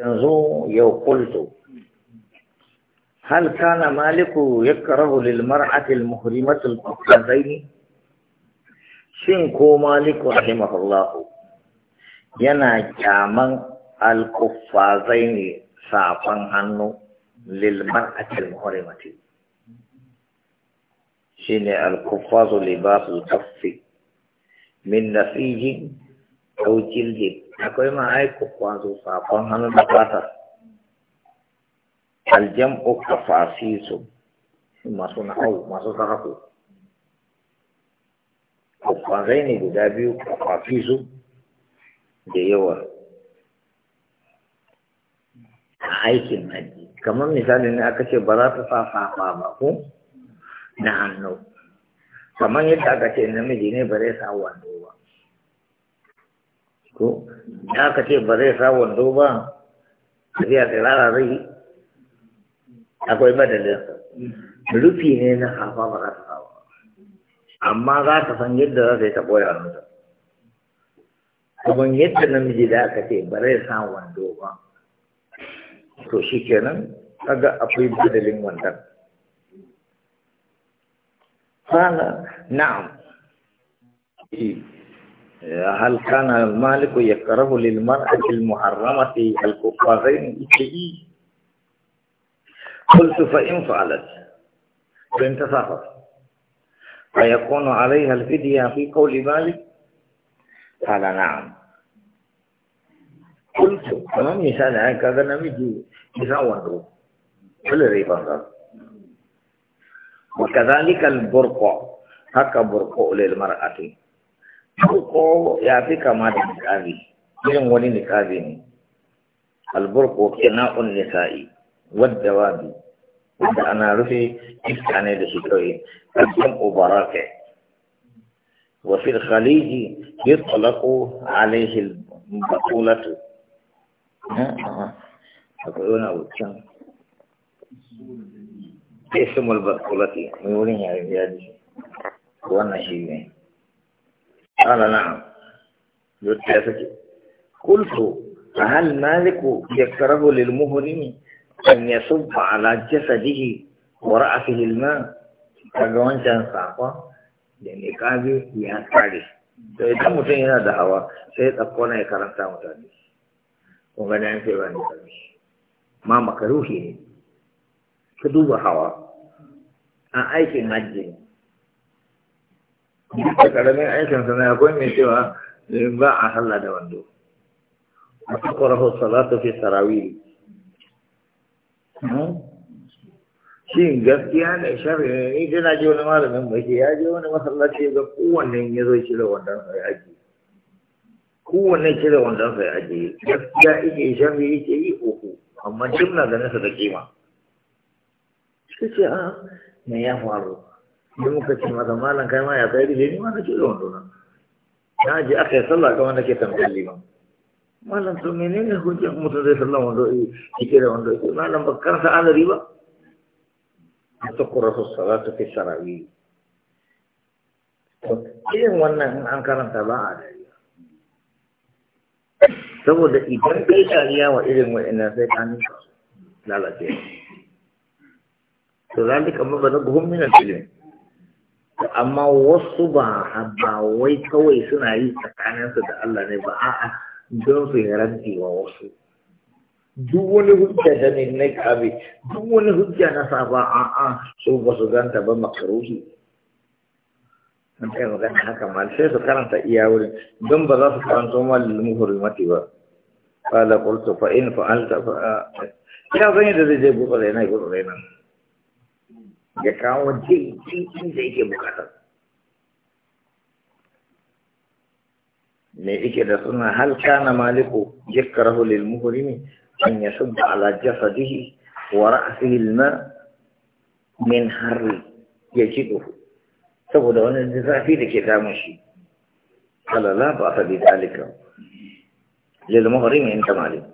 yanzu yau kultu hal kana maliku karahu lil mar'ati al qadaini shin ko maliku rahimahullahu yana kyaman al kuffazaini safan hannu lil mar'ati muhrimati shine al kuffazu libasul kaffi min nasijin aw akwai ma ai kwakwazo safon hannu da fata aljam aljam'u su masu na'au masu sarrafu kwakwazai ne guda biyu su da yawa a aikin haji kamar misali ne aka ce ba za ta sa safa ba ko na hannu kamar yadda aka ce namiji ne ba zai sa wando ba to ya ka ce ba zai sa wando ba a tsirara zai yi akwai madalin rufi ne na hafa ba za ta sa ba amma za ta san yadda za ta yi ta ɓoye hannunta abin yadda namiji da aka ce ba zai sa wando ba to shi kenan kaga akwai madalin wandon fala na'am هل كان المالك يكره للمرأة المحرمة الكفارين إتئي قلت فإن فعلت فإن تسافر فيكون عليها الفدية في قول مالك قال نعم قلت أما مثال هكذا نمجي مثال وندو كل ريبان وكذلك البرقع هكا برقع للمرأة ko ya fi kama da niƙabi irin wani niƙabi ne alburko kina'un nisa'i wadda wabi wanda ana rufe iska ne da shi kawai ƙarfin ubarake khaliji batulatu akwai wani abu can ismul batulati wurin yare yare wannan shi ne قال نعم يا سكي قلت هل مالك يكره للمهرم أن يصب على جسده ورأسه الماء كجوان كان صعبا لأن إقابي يهتاري فإذا متين هذا هو سيد أقوانا يكرم تامتاني وغدا أنت باني ما مكروهي كدوب هوا a aikin duk da karamin aikin sana akwai mai cewa eh, ba a halla da wando a takwarahu salatu fi sarawiri. Hmm? shin gaskiya ne shari'a ni dai na ji wani malamin baki ya je wani masallaci ga kowanne ya zo da wandon sai aji kowanne da wandon sai aji gaskiya ike shari'a yake yi uku amma duk na ganin da kima shi ce a ah, me ya faru sai muka ce masa malam kai ma ya kai rige ni ma na ce da wando na na je aka yi sallah kamar nake tambayar liman malam to menene hujjar mutum zai sallah wando yake eh, da wando yake eh, malam ba karsa alari ba ta kurasu salatu fi sarawi to irin wannan in an karanta ba a dariya saboda idan kai dariya wa irin wa'ina sai ka nisa lalace to zalika mabana min al-ilm amma wasu ba ba wai kawai suna yi tsakaninsu da Allah ne ba a'a don su yi wa wasu duk wani hujja da ne na kabe duk wani hujja na ba a'a su ba su ganta ba makaruhi an ga magana haka ma sai su karanta iya wuri don ba za su karanto ma mati ba qala qultu fa in fa'alta fa ya zan da zai je gutsa yana gutsa nan يكاو دي دي دي دي دي مقاطع نيكي ده سنة هل كان مالك يكره للمهرم أن يصب على جسده ورأسه الماء من حر يجده سبو ده وانا في دي كتامشي قال لا بأس بذلك للمهرم أنت مالك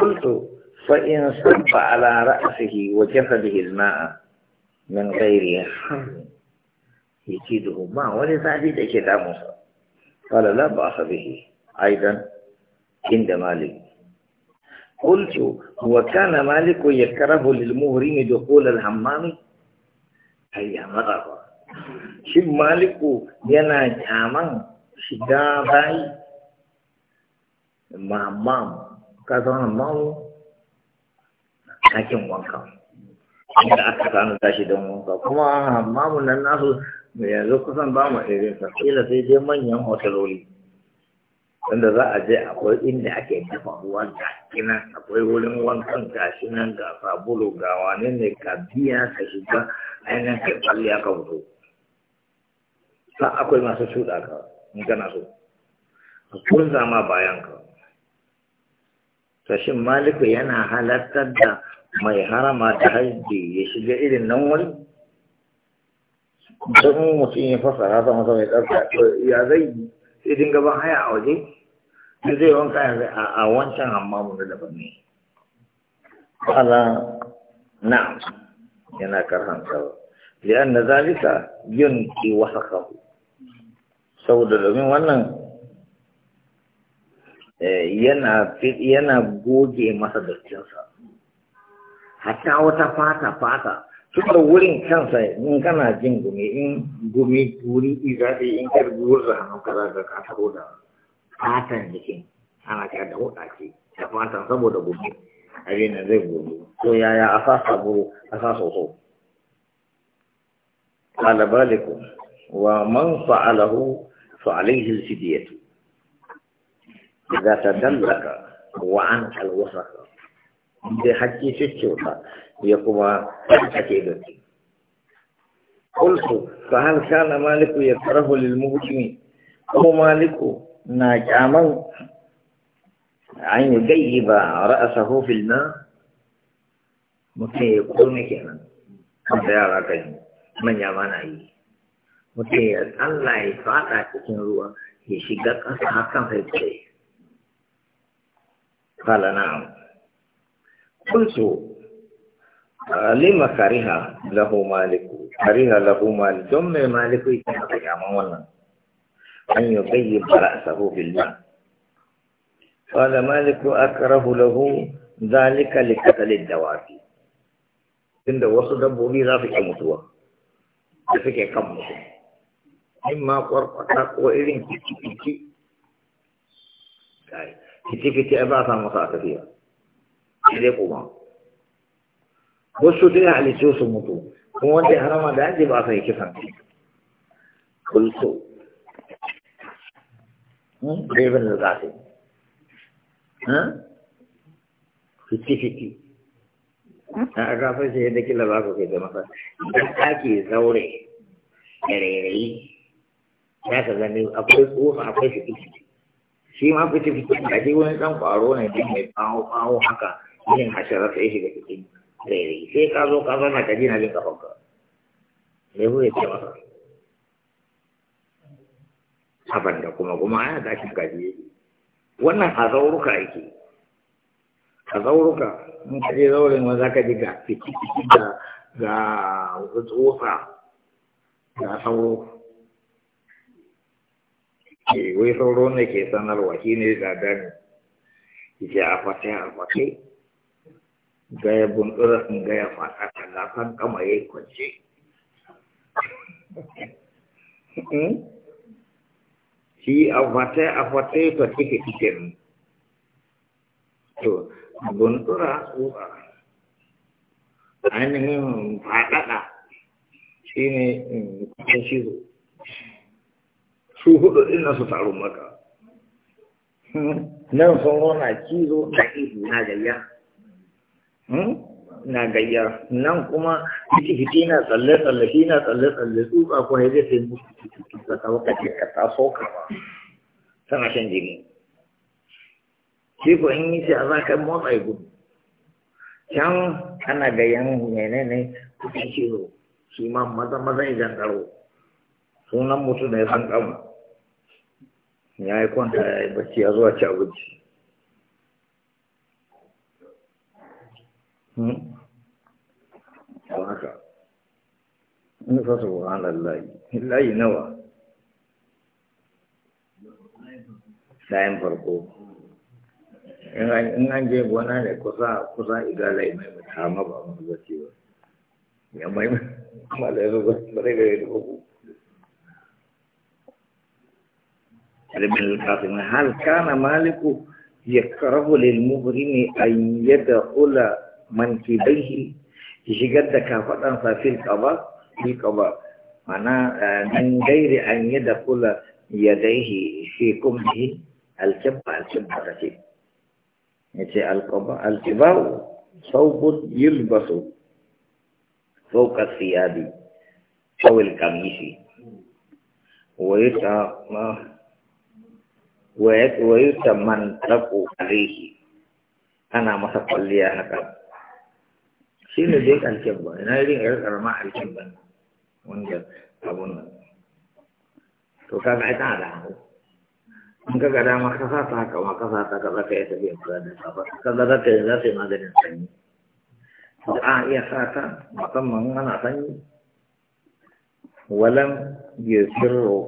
قلت فإن صب على رأسه وجسده الماء min ghairi hammi yajiduhu ba wani zafi da ke damunsa qala la ba'sa bihi aidan inda malik قلت هو كان مالك يكره للمهرم دخول الحمام أي مرة شب مالك ينا جامان شدا باي ما مام كذا مام لكن وانكم inda aka sanu tashi don wanka kuma hammamun nan nasu yanzu kusan ba mu irin sa kila sai dai manyan hoteloli wanda za a je akwai inda ake dafa ruwa ga kina akwai wurin wankan gashi nan ga sabulu ga wani ne ka biya ka shiga ainihin ka tsalle aka fito sa akwai masu cuɗa ka in kana so a kunza ma bayan ka Tashin maliku yana halartar da mai harama da haji ya shiga irin nan wani don mutum ya fasa, sama sama ya ɗauka ya zai yi sai gaban haya a waje da zai wanka zai a wancan amma na daban ne Allah na yana karhantawa li'an na zalika yin ki wasa kahu saboda domin wannan eh, yana goge masa dattinsa hatta wata fata fata tunda wurin kansa in kana jin gumi in gumi guri izaɗi in kar gurza hannu kaza ga ka taro da fatan jikin ana kira da wuɗaƙi da fatan saboda gumi abin da zai gumi to yaya a sa sabo a sa soso alabalikum wa man fa'alahu fa alaihi alfidiyatu idza tadallaka wa an alwasaka da haƙƙi cikinsa ya kuma ake dace. Kulsu, fa hal kana maliku ya farahu lil mutumi, ko maliku na kyaman an yi gayi ba ra'asa hofil na mutum ya kone kenan, kan da yara kan manya ma na yi. Mutum ya tsalla ya faɗa cikin ruwa ya shiga ƙasa hakan haifai. Kala na'am. قلت آه، لما كره له مالك كره له مالك جمع مالك يا مولانا أن يطيب رأسه في الماء قال مالك أكره له ذلك لقتل الدواب عند وصد بولي رافق متوى رافق كم متوى إما قرقة وإذن كتي كتي كتي أبعثها مصاعدة فيها sai ko su dai halittu su mutu kuma wanda ya harama da yaji ba sa yi kisan kulto ɗaiɓin hmm? da za ha fiti-fiti a fa sai da kila ba ko kai da masa idan ake zaure da rairayi ya ka gani akwai tsofa akwai fiti-fiti shi ma fiti-fiti da shi wani dan ƙwaro ne da mai ɓawo-ɓawo haka yin hasharar sai shiga cikin rairi sai ka zo ka zana ka jina jin ka me hu ya ce masa saban da kuma kuma ana tashi kaji yake wannan a zauruka yake a zauruka in ka je zaurin wanda ka ji ga fiti da ga tsofa ga sauro eh, wai sauro ne ke sanarwa shi ne da dani yake a fasai a fasai gaya bunɗura in gaya fata ta gasan kama ya yi kwance hmm? shi a fata a fata ya fata ke cikin to bunɗura tsuka ainihin faɗaɗa shi ne kusan shizo su hudu ɗin na su taru maka hmm? nan sun rona cizo na ihu na gayya Hmm? na gayya nan kuma hiti hiti na tsalle tsalle shi na tsalle tsalle tsutsa ko ya zai musu cikin ta waka ce ka so ka ba tana shan jini shi ko in yi a zaka ka motsa ya gudu can ana gayyan menene kuɗin cizo shi ma maza maza idan karo sunan mutu da ya san kama ya yi kwanta ya yi bacci ya zuwa ci abinci Hmm? haka in fa subhanallahi layi nawa layin farko in an je gona ne kusa kusa igala ya mai mata ma ba mu zace ba ya mai ma da yazo ba bare da yazo ku Alimin al-Qasim hal kana maliku yakrahu lil muhrimi an yadkhula mankibaihi shigar da kafaɗansa fil kaba fil kaba mana eh, min gairi an yi da kula yadaihi fi kumbihi alkibba alkibba ta ce ya ce alkibba saubun yulbasu fauka siyadi kawil kamisi wayuta ma ta man taku alaihi ana masa kwalliya haka shi ne dai alkyar ba ina irin yar karama alkyar ba wanda abun nan to ka ai tana da hannu in ka ga dama ka sa ta haka ma ka sa ta ka zaka yi tafiya kula da safa ka za ta yi za yi maganin sanyi Da a iya sa ta musamman ana sanyi walan yusirru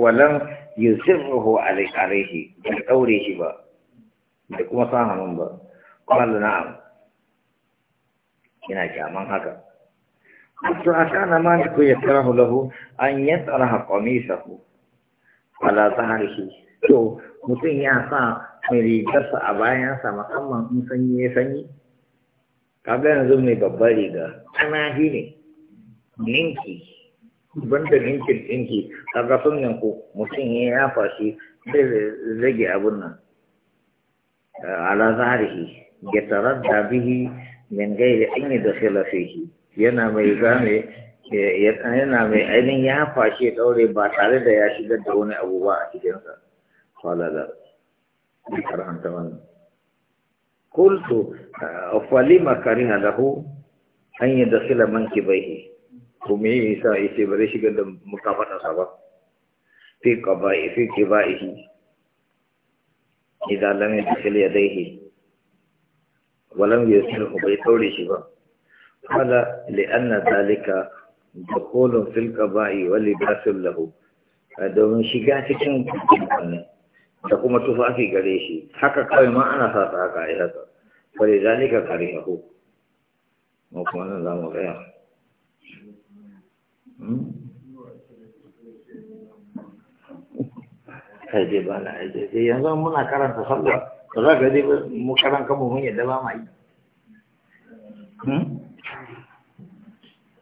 walan yusirruhu alaihi bai daure shi ba da kuma sa hannun ba qala na'am Kina kyaman haka to a man ku ya karahu lahu an yatsara qamisahu ala zahrihi to mutum ya sa mai sa a sa musamman in sanyi ya sanyi kaga yanzu mai babbar riga ana shi ne ninki banda ninkin ninki, kaga sun yanku mutum ya yafa shi zai rage abun nan ala zahrihi ya da bihi min gairi an yi da fihi yana mai zame yana mai ainihin ya fashe ɗaure ba tare da ya shigar da wani abu ba a cikinsa falala hanta wani kultu makari na lahu an yi da sila bai yi kuma yi sa ise ba zai shigar da mukafatarsa ba fi ƙaba'i fi ƙiba'ihi idan lam yadkhil yadayhi ولم يسره بيطور شبا قال لأن ذلك دخول في القضاء ولباس له domin shiga cikin wannan da kuma tufafi gare shi haka kawai ma ana sa ta haka ya haka fari zalika kare haku mu kuma nan za mu tsaya hmm? kai dai ba na sai yanzu muna karanta sallah ba za ka dai mu karan mu mun da ba ma yi hmm?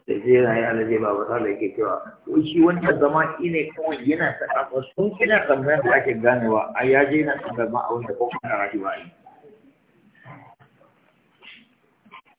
da zai rayu zai ba wata da yake cewa ko shi wanda zama ne kawai yana ta sun kina tambayar da ake ganewa a yaje na tambayar ma a wanda ko kuma rayu ba yi